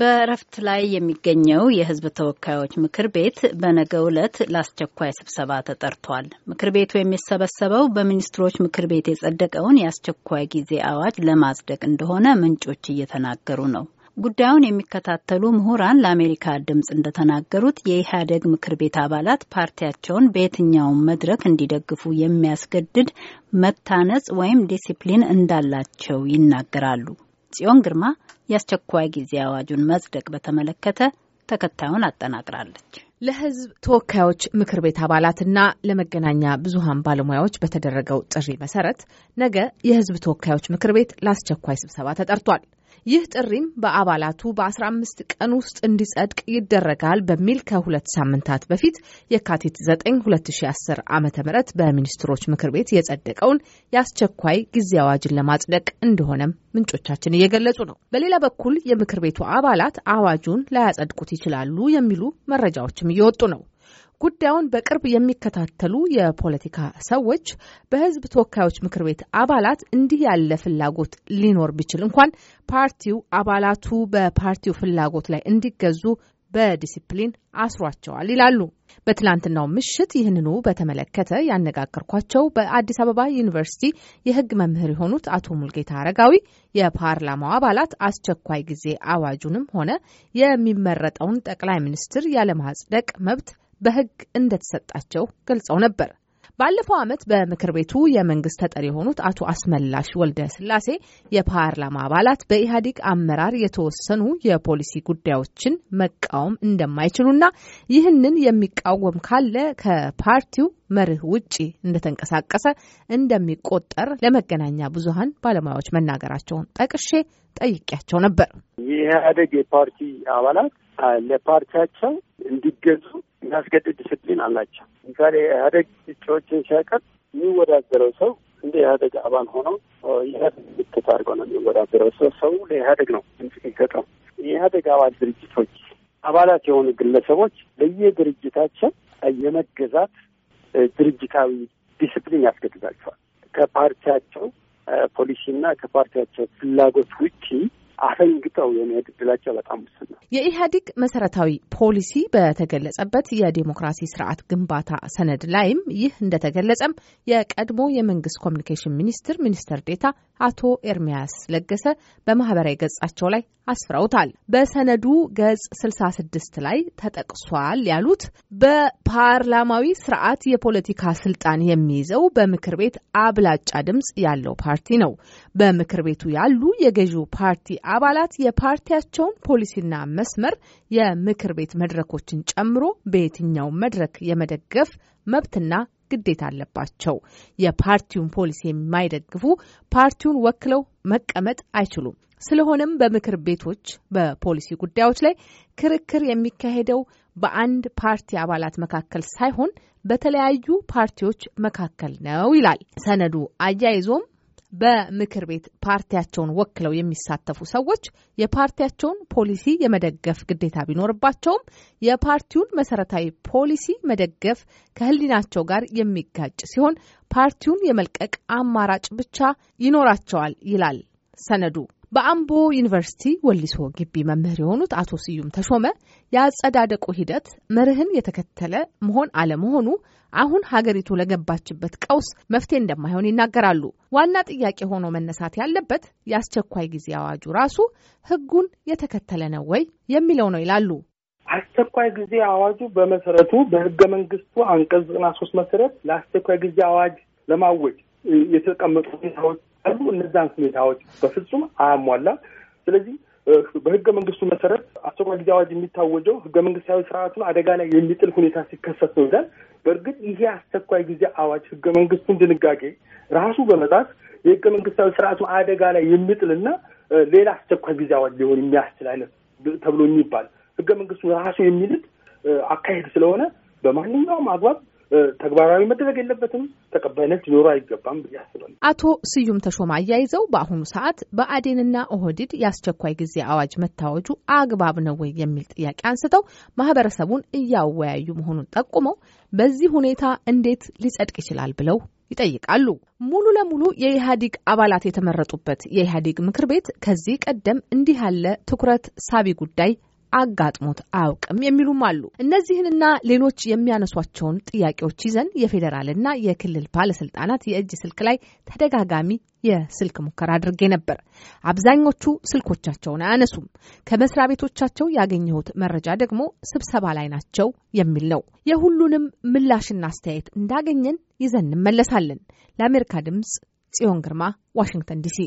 በእረፍት ላይ የሚገኘው የሕዝብ ተወካዮች ምክር ቤት በነገው ዕለት ለአስቸኳይ ስብሰባ ተጠርቷል። ምክር ቤቱ የሚሰበሰበው በሚኒስትሮች ምክር ቤት የጸደቀውን የአስቸኳይ ጊዜ አዋጅ ለማጽደቅ እንደሆነ ምንጮች እየተናገሩ ነው። ጉዳዩን የሚከታተሉ ምሁራን ለአሜሪካ ድምፅ እንደተናገሩት የኢህአዴግ ምክር ቤት አባላት ፓርቲያቸውን በየትኛውም መድረክ እንዲደግፉ የሚያስገድድ መታነጽ ወይም ዲሲፕሊን እንዳላቸው ይናገራሉ። ጽዮን ግርማ የአስቸኳይ ጊዜ አዋጁን መጽደቅ በተመለከተ ተከታዩን አጠናቅራለች። ለሕዝብ ተወካዮች ምክር ቤት አባላትና ለመገናኛ ብዙሃን ባለሙያዎች በተደረገው ጥሪ መሰረት ነገ የሕዝብ ተወካዮች ምክር ቤት ለአስቸኳይ ስብሰባ ተጠርቷል። ይህ ጥሪም በአባላቱ በ15 ቀን ውስጥ እንዲጸድቅ ይደረጋል በሚል ከሁለት ሳምንታት በፊት የካቲት 9 2010 ዓ ም በሚኒስትሮች ምክር ቤት የጸደቀውን የአስቸኳይ ጊዜ አዋጅን ለማጽደቅ እንደሆነም ምንጮቻችን እየገለጹ ነው። በሌላ በኩል የምክር ቤቱ አባላት አዋጁን ላያጸድቁት ይችላሉ የሚሉ መረጃዎችም እየወጡ ነው። ጉዳዩን በቅርብ የሚከታተሉ የፖለቲካ ሰዎች በህዝብ ተወካዮች ምክር ቤት አባላት እንዲህ ያለ ፍላጎት ሊኖር ቢችል እንኳን ፓርቲው አባላቱ በፓርቲው ፍላጎት ላይ እንዲገዙ በዲሲፕሊን አስሯቸዋል ይላሉ። በትላንትናው ምሽት ይህንኑ በተመለከተ ያነጋገርኳቸው በአዲስ አበባ ዩኒቨርሲቲ የህግ መምህር የሆኑት አቶ ሙልጌታ አረጋዊ የፓርላማው አባላት አስቸኳይ ጊዜ አዋጁንም ሆነ የሚመረጠውን ጠቅላይ ሚኒስትር ያለማጽደቅ መብት በሕግ እንደተሰጣቸው ገልጸው ነበር። ባለፈው ዓመት በምክር ቤቱ የመንግስት ተጠሪ የሆኑት አቶ አስመላሽ ወልደ ስላሴ የፓርላማ አባላት በኢህአዴግ አመራር የተወሰኑ የፖሊሲ ጉዳዮችን መቃወም እንደማይችሉና ይህንን የሚቃወም ካለ ከፓርቲው መርህ ውጪ እንደተንቀሳቀሰ እንደሚቆጠር ለመገናኛ ብዙሀን ባለሙያዎች መናገራቸውን ጠቅሼ ጠይቄያቸው ነበር። የኢህአዴግ የፓርቲ አባላት ለፓርቲያቸው እንዲገዙ የሚያስገድድ ዲስፕሊን አላቸው። ምሳሌ ኢህአዴግ እጩዎችን ሲያቀርብ የሚወዳደረው ሰው እንደ ኢህአዴግ አባል ሆኖ ኢህአዴግ ምልክት አድርጎ ነው የሚወዳደረው ሰው ሰው ለኢህአዴግ ነው ድምጽ የሚሰጠው። የኢህአዴግ አባል ድርጅቶች አባላት የሆኑ ግለሰቦች ለየድርጅታቸው የመገዛት ድርጅታዊ ዲስፕሊን ያስገድዳቸዋል። ከፓርቲያቸው ፖሊሲና ከፓርቲያቸው ፍላጎት ውጪ አፈንግጠው የመሄድ እድላቸው በጣም ውስን ነው። የኢህአዴግ መሰረታዊ ፖሊሲ በተገለጸበት የዴሞክራሲ ስርዓት ግንባታ ሰነድ ላይም ይህ እንደተገለጸም የቀድሞ የመንግስት ኮሚኒኬሽን ሚኒስትር ሚኒስትር ዴታ አቶ ኤርሚያስ ለገሰ በማህበራዊ ገጻቸው ላይ አስፍረውታል። በሰነዱ ገጽ ስልሳ ስድስት ላይ ተጠቅሷል ያሉት በፓርላማዊ ስርዓት የፖለቲካ ስልጣን የሚይዘው በምክር ቤት አብላጫ ድምጽ ያለው ፓርቲ ነው። በምክር ቤቱ ያሉ የገዢው ፓርቲ አባላት የፓርቲያቸውን ፖሊሲና መስመር የምክር ቤት መድረኮችን ጨምሮ በየትኛው መድረክ የመደገፍ መብትና ግዴታ አለባቸው። የፓርቲውን ፖሊሲ የማይደግፉ ፓርቲውን ወክለው መቀመጥ አይችሉም። ስለሆነም በምክር ቤቶች በፖሊሲ ጉዳዮች ላይ ክርክር የሚካሄደው በአንድ ፓርቲ አባላት መካከል ሳይሆን በተለያዩ ፓርቲዎች መካከል ነው ይላል ሰነዱ። አያይዞም በምክር ቤት ፓርቲያቸውን ወክለው የሚሳተፉ ሰዎች የፓርቲያቸውን ፖሊሲ የመደገፍ ግዴታ ቢኖርባቸውም የፓርቲውን መሰረታዊ ፖሊሲ መደገፍ ከሕሊናቸው ጋር የሚጋጭ ሲሆን ፓርቲውን የመልቀቅ አማራጭ ብቻ ይኖራቸዋል ይላል ሰነዱ። በአምቦ ዩኒቨርሲቲ ወሊሶ ግቢ መምህር የሆኑት አቶ ስዩም ተሾመ የአጸዳደቁ ሂደት መርህን የተከተለ መሆን አለመሆኑ አሁን ሀገሪቱ ለገባችበት ቀውስ መፍትሄ እንደማይሆን ይናገራሉ። ዋና ጥያቄ ሆኖ መነሳት ያለበት የአስቸኳይ ጊዜ አዋጁ ራሱ ሕጉን የተከተለ ነው ወይ የሚለው ነው ይላሉ። አስቸኳይ ጊዜ አዋጁ በመሰረቱ በህገ መንግስቱ አንቀጽ ዘጠና ሶስት መሰረት ለአስቸኳይ ጊዜ አዋጅ ለማወጅ የተቀመጡ ሁኔታዎች አሉ። እነዛን ሁኔታዎች በፍጹም አያሟላም። ስለዚህ በህገ መንግስቱ መሰረት አስቸኳይ ጊዜ አዋጅ የሚታወጀው ህገ መንግስታዊ ስርዓቱን አደጋ ላይ የሚጥል ሁኔታ ሲከሰት ነው ይላል። በእርግጥ ይሄ አስቸኳይ ጊዜ አዋጅ ህገ መንግስቱን ድንጋጌ ራሱ በመጣት የህገ መንግስታዊ ስርዓቱን አደጋ ላይ የሚጥልና ሌላ አስቸኳይ ጊዜ አዋጅ ሊሆን የሚያስችል አይነት ተብሎ የሚባል ህገ መንግስቱ ራሱ የሚልት አካሄድ ስለሆነ በማንኛውም አግባብ ተግባራዊ መደረግ የለበትም፣ ተቀባይነት ሊኖሩ አይገባም ብዬ አስባለሁ። አቶ ስዩም ተሾማ አያይዘው በአሁኑ ሰዓት በአዴንና ኦህዲድ የአስቸኳይ ጊዜ አዋጅ መታወጁ አግባብ ነው ወይ የሚል ጥያቄ አንስተው ማህበረሰቡን እያወያዩ መሆኑን ጠቁመው በዚህ ሁኔታ እንዴት ሊጸድቅ ይችላል ብለው ይጠይቃሉ። ሙሉ ለሙሉ የኢህአዴግ አባላት የተመረጡበት የኢህአዴግ ምክር ቤት ከዚህ ቀደም እንዲህ ያለ ትኩረት ሳቢ ጉዳይ አጋጥሞት አያውቅም የሚሉም አሉ። እነዚህንና ሌሎች የሚያነሷቸውን ጥያቄዎች ይዘን የፌዴራልና የክልል ባለስልጣናት የእጅ ስልክ ላይ ተደጋጋሚ የስልክ ሙከራ አድርጌ ነበር። አብዛኞቹ ስልኮቻቸውን አያነሱም። ከመስሪያ ቤቶቻቸው ያገኘሁት መረጃ ደግሞ ስብሰባ ላይ ናቸው የሚል ነው። የሁሉንም ምላሽና አስተያየት እንዳገኘን ይዘን እንመለሳለን። ለአሜሪካ ድምጽ ጽዮን ግርማ ዋሽንግተን ዲሲ